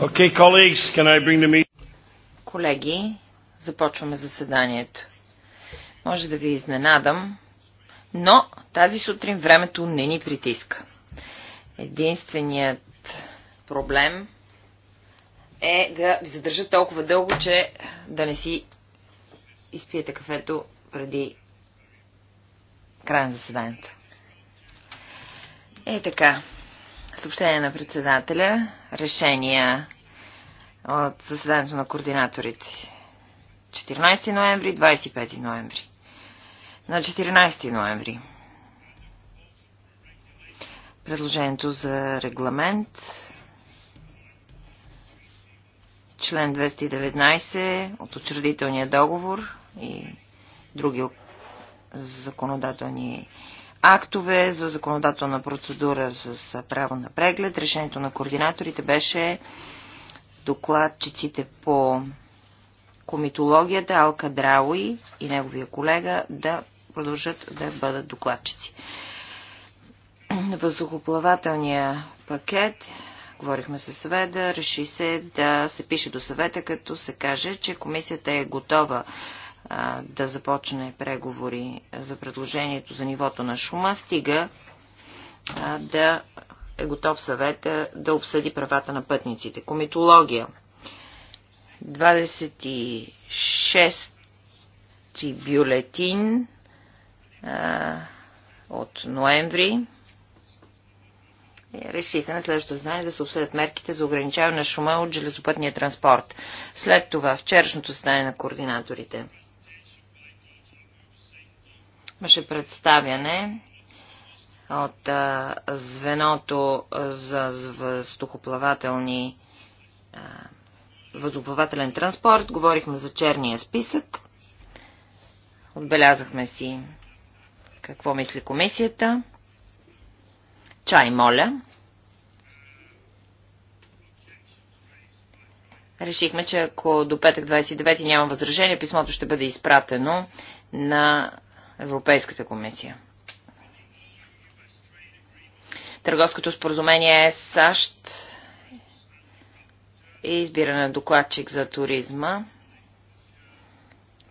Okay, colleagues, can I bring the meeting? Колеги, започваме заседанието. Може да ви изненадам, но тази сутрин времето не ни притиска. Единственият проблем е да ви задържа толкова дълго, че да не си изпиете кафето преди края на заседанието. Е така, Съобщение на председателя. Решения от заседанието на координаторите. 14 ноември, 25 ноември. На 14 ноември. Предложението за регламент. Член 219 от учредителния договор и други законодателни актове за законодателна процедура с право на преглед. Решението на координаторите беше докладчиците по комитологията Алка Драуи и неговия колега да продължат да бъдат докладчици. Въздухоплавателния пакет, говорихме с съведа, реши се да се пише до съвета, като се каже, че комисията е готова да започне преговори за предложението за нивото на шума, стига да е готов съвета да обсъди правата на пътниците. Комитология. 26 бюлетин от ноември. Реши се на следващото знание да се обсъдят мерките за ограничаване на шума от железопътния транспорт. След това вчерашното стане на координаторите. Имаше представяне от а, звеното за въздухоплавателни а, въздухоплавателен транспорт. Говорихме за черния списък. Отбелязахме си какво мисли комисията. Чай, моля. Решихме, че ако до петък 29 няма възражение, писмото ще бъде изпратено на Европейската комисия. Търговското споразумение е САЩ и избиране на докладчик за туризма.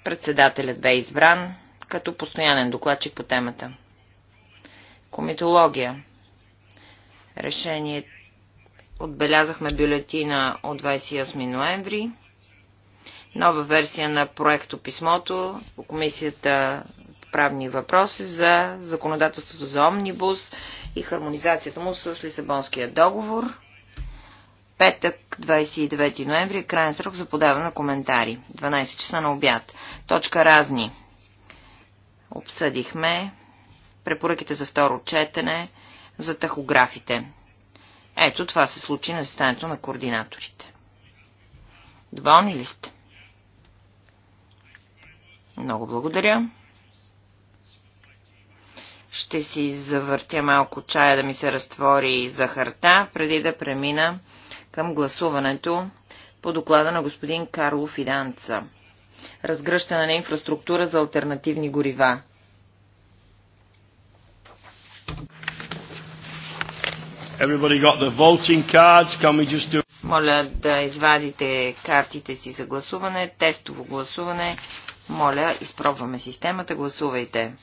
Председателят бе избран като постоянен докладчик по темата. Комитология. Решение отбелязахме бюлетина от 28 ноември. Нова версия на проекто писмото по комисията правни въпроси за законодателството за омнибус и хармонизацията му с Лисабонския договор. Петък, 29 ноември, крайен срок за подаване на коментари. 12 часа на обяд. Точка разни. Обсъдихме препоръките за второ четене за тахографите. Ето това се случи на състоянието на координаторите. Доволни ли сте? Много благодаря. Ще си завъртя малко чая да ми се разтвори захарта, преди да премина към гласуването по доклада на господин Карло Фиданца Разгръщане на инфраструктура за альтернативни горива. got the cards. Can we just do... Моля да извадите картите си за гласуване, тестово гласуване. Моля, изпробваме системата, гласувайте.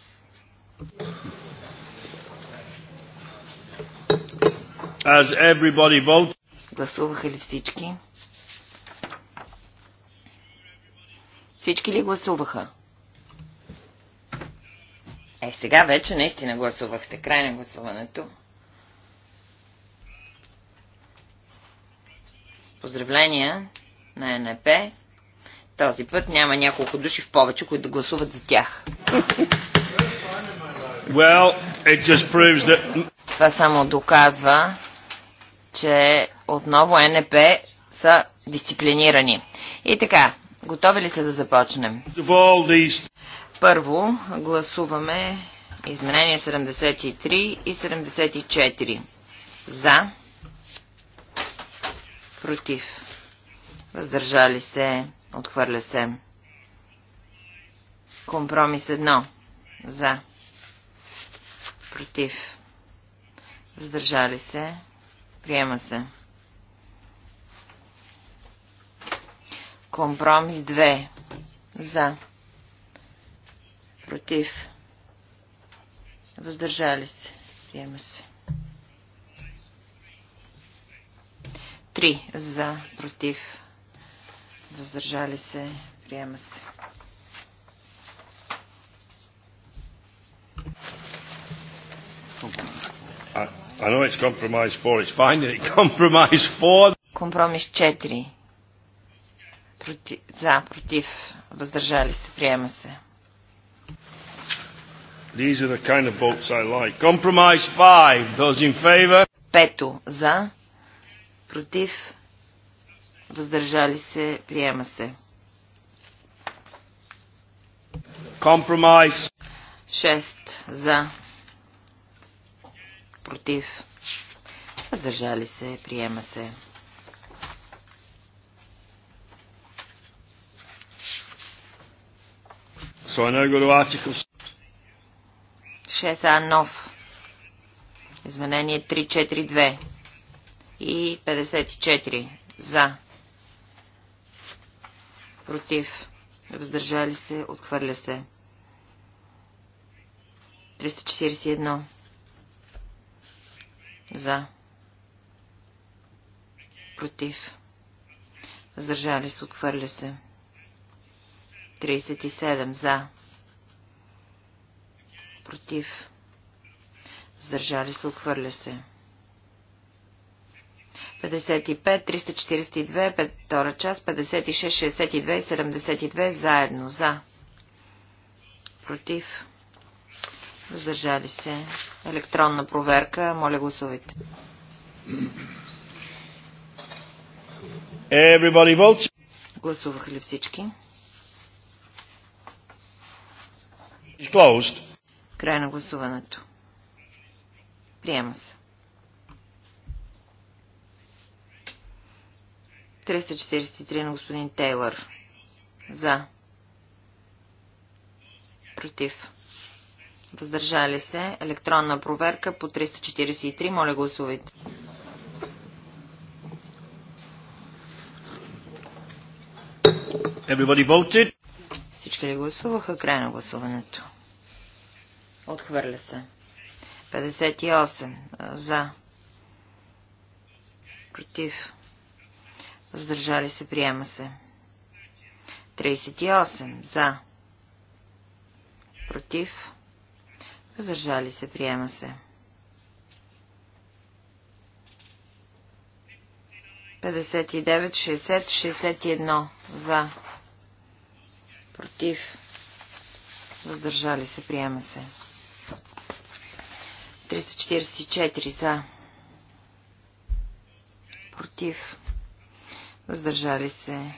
Гласуваха ли всички? Всички ли гласуваха? Е, сега вече наистина гласувахте. Край на гласуването. Поздравления на НП. Този път няма няколко души в повече, които да гласуват за тях. Well, that... Това само доказва, че отново НП са дисциплинирани. И така, готови ли са да започнем? Първо гласуваме изменения 73 и 74. За. Против. Въздържали се. Отхвърля се. Компромис 1. За. Против. Въздържали се. Приема се. Компромис 2. За. Против. Въздържали се. Приема се. 3. За. Против. Въздържали се. Приема се. Компромис I know it's compromise 4. It's finding it compromise 4. Компромис 4. Проти... За, против. Въздържали се. Приема се. These are the kind of votes I like. Compromise 5. Those in favor? Пето. За. Против. Въздържали се. Приема се. Compromise. 6. За против, въздържали се, приема се. Шеса нов. Изменение 3, 4, 2. и 54 за. Против. Въздържали се. Отхвърля се. 341. За. Против. Въздържали се, отхвърля се. 37. За. Против. Въздържали се, отхвърля се. 55, 342, 5, втора част, 56, 62 и 72 заедно. За. Против. Въздържали се. Електронна проверка. Моля гласувайте. Гласуваха ли всички? Край на гласуването. Приема се. 343 на господин Тейлър. За. Против въздържали се, електронна проверка по 343. Моля гласувайте. Everybody voted. Всички ли гласуваха? Край на гласуването. Отхвърля се. 58. За. Против. Въздържали се. Приема се. 38. За. Против. Въздържали се, приема се. 59, 60, 61 за. Против. Въздържали се, приема се. 344 за. Против. Въздържали се.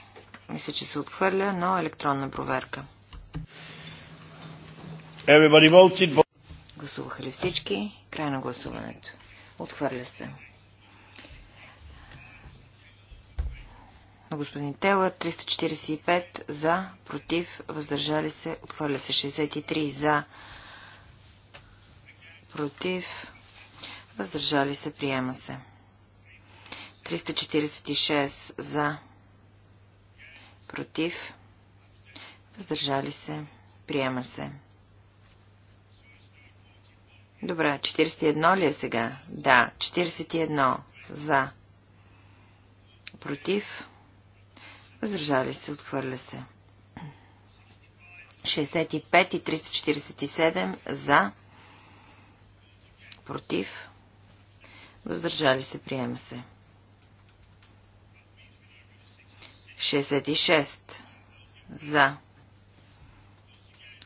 Мисля, че се отхвърля, но електронна проверка. Everybody voted Гласуваха ли всички? Край на гласуването. Отхвърля се. на господин Тела, 345 за, против, въздържали се, отхвърля се 63 за, против, въздържали се, приема се. 346 за, против, въздържали се, приема се. Добре, 41 ли е сега? Да, 41 за. Против. Въздържали се, отхвърля се. 65 и 347 за. Против. Въздържали се, приема се. 66 за.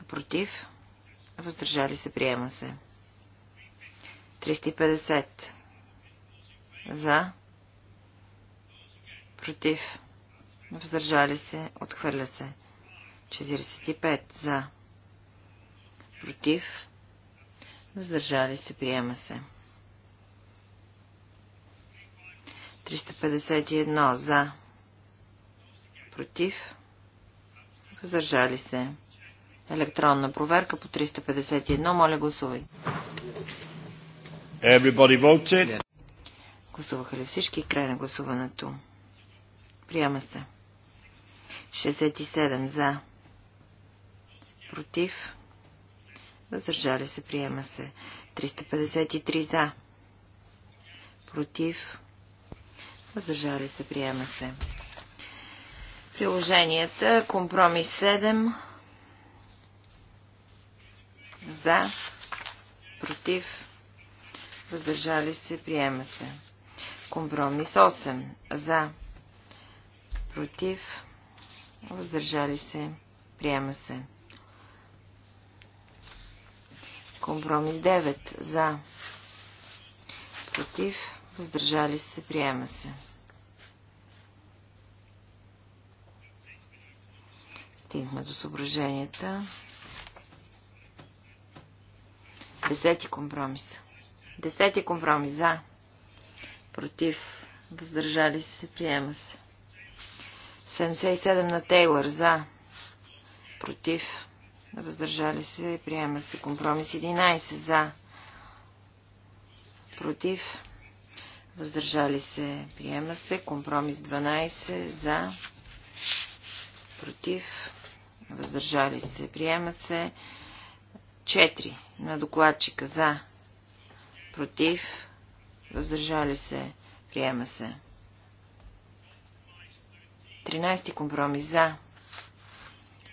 Против. Въздържали се, приема се. 350. За. Против. Въздържали се. Отхвърля се. 45. За. Против. Въздържали се. Приема се. 351. За. Против. Въздържали се. Електронна проверка по 351. Моля гласувай. Everybody voted. Гласуваха ли всички? Край на гласуването. Приема се. 67 за. Против. Въздържали се. Приема се. 353 за. Против. Въздържали се. Приема се. Приложенията. Компромис 7. За. Против въздържали се, приема се. Компромис 8. За, против, въздържали се, приема се. Компромис 9. За, против, въздържали се, приема се. Стигнахме до съображенията. Десети компромис. Десети компромис за. Против. Въздържали се. Приема се. 77 на Тейлър за. Против. Въздържали се. Приема се. Компромис 11 за. Против. Въздържали се. Приема се. Компромис 12 за. Против. Въздържали се. Приема се. 4 на докладчика за против, въздържали се, приема се. 13 компромис за,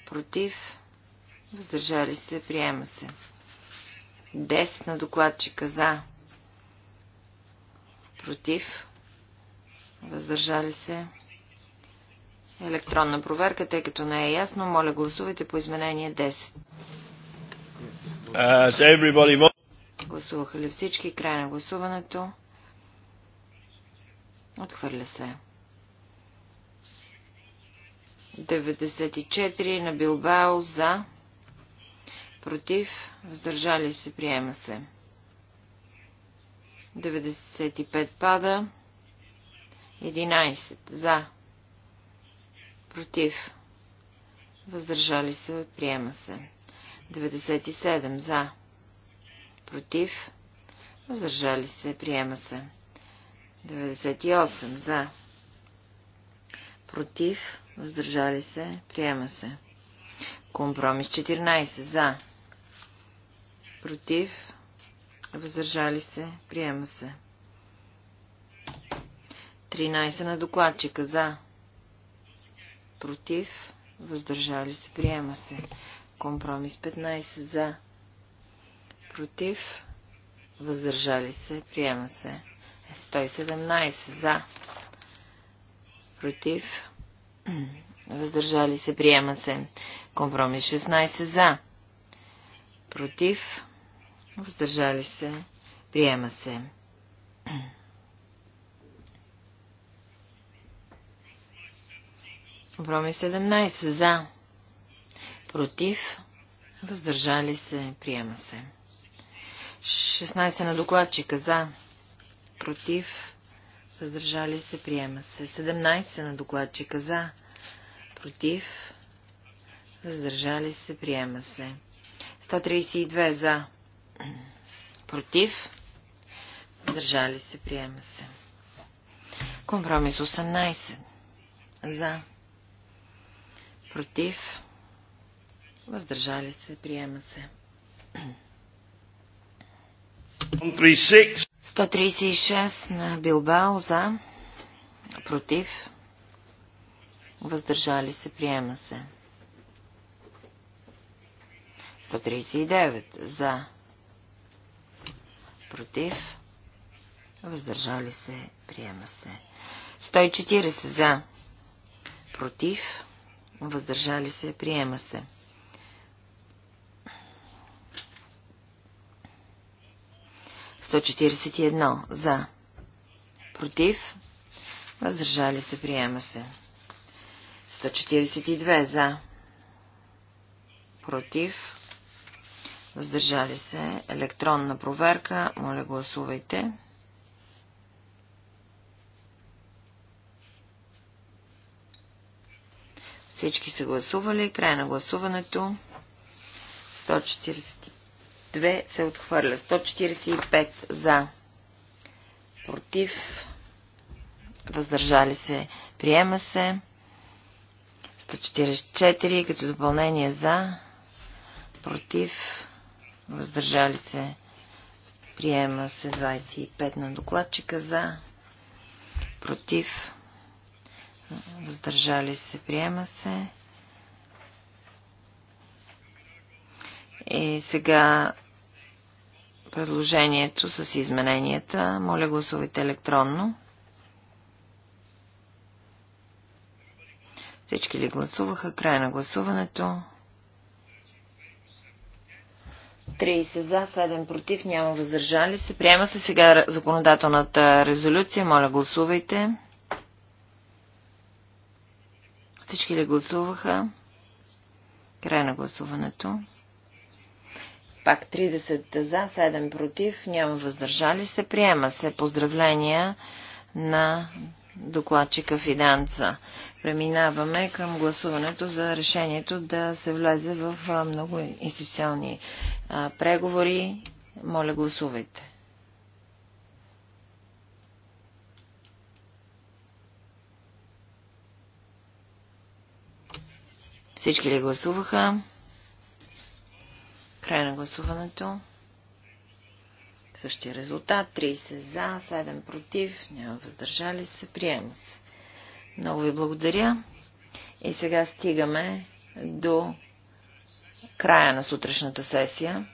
против, въздържали се, приема се. 10 на докладчика за, против, въздържали се. Електронна проверка, тъй като не е ясно, моля гласувайте по изменение 10. Гласуваха ли всички? Край на гласуването. Отхвърля се. 94 на Билбао за. Против. Въздържали се. Приема се. 95 пада. 11 за. Против. Въздържали се. Приема се. 97 за против, въздържали се, приема се. 98 за, против, въздържали се, приема се. Компромис 14 за, против, въздържали се, приема се. 13 на докладчика за, против, въздържали се, приема се. Компромис 15 за, против, въздържали се, приема се. 117 е, за, против, въздържали се, приема се. Компромис 16 за, против, въздържали се, приема се. Компромис 17 за, против, въздържали се, приема се. 16 на докладчика за, против, въздържали се, приема се. 17 на докладчика за, против, въздържали се, приема се. 132 за, против, въздържали се, приема се. Компромис 18 за, против, въздържали се, приема се. 136 на Билбао за, против, въздържали се, приема се. 139 за, против, въздържали се, приема се. 140 за, против, въздържали се, приема се. 141 за. Против. Въздържали се. Приема се. 142 за. Против. Въздържали се. Електронна проверка. Моля, гласувайте. Всички са гласували. Край на гласуването. 145 2 се отхвърля. 145 за. Против. Въздържали се. Приема се. 144 като допълнение за. Против. Въздържали се. Приема се 25 на докладчика за. Против. Въздържали се. Приема се. И сега предложението с измененията. Моля гласувайте електронно. Всички ли гласуваха? Край на гласуването. 30 за, 7 против, няма въздържали се. Приема се сега законодателната резолюция. Моля, гласувайте. Всички ли гласуваха? Край на гласуването. Пак 30 за, 7 против, няма въздържали се. Приема се поздравления на докладчика Фиданца. Преминаваме към гласуването за решението да се влезе в много институционни преговори. Моля, гласувайте. Всички ли гласуваха? Край на гласуването. Същия резултат. 30 за, 7 против, няма въздържали се. Приема се. Много ви благодаря. И сега стигаме до края на сутрешната сесия.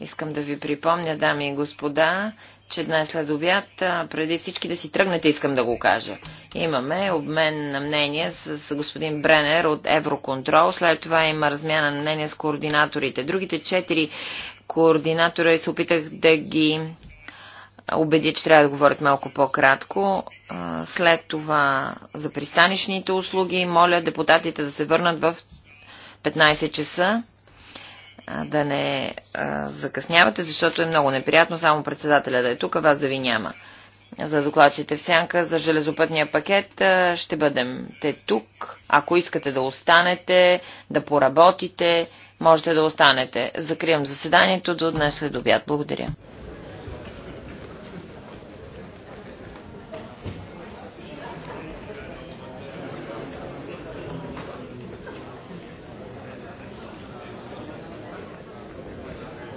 Искам да ви припомня, дами и господа, че днес след обяд, преди всички да си тръгнете, искам да го кажа. Имаме обмен на мнение с господин Бренер от Евроконтрол, след това има размяна на мнение с координаторите. Другите четири координатора се опитах да ги убедя, че трябва да говорят малко по-кратко. След това за пристанищните услуги моля депутатите да се върнат в 15 часа да не а, закъснявате, защото е много неприятно само председателя да е тук, а вас да ви няма. За докладчите в сянка, за железопътния пакет а, ще бъдем те тук. Ако искате да останете, да поработите, можете да останете. Закривам заседанието до днес след обяд. Благодаря.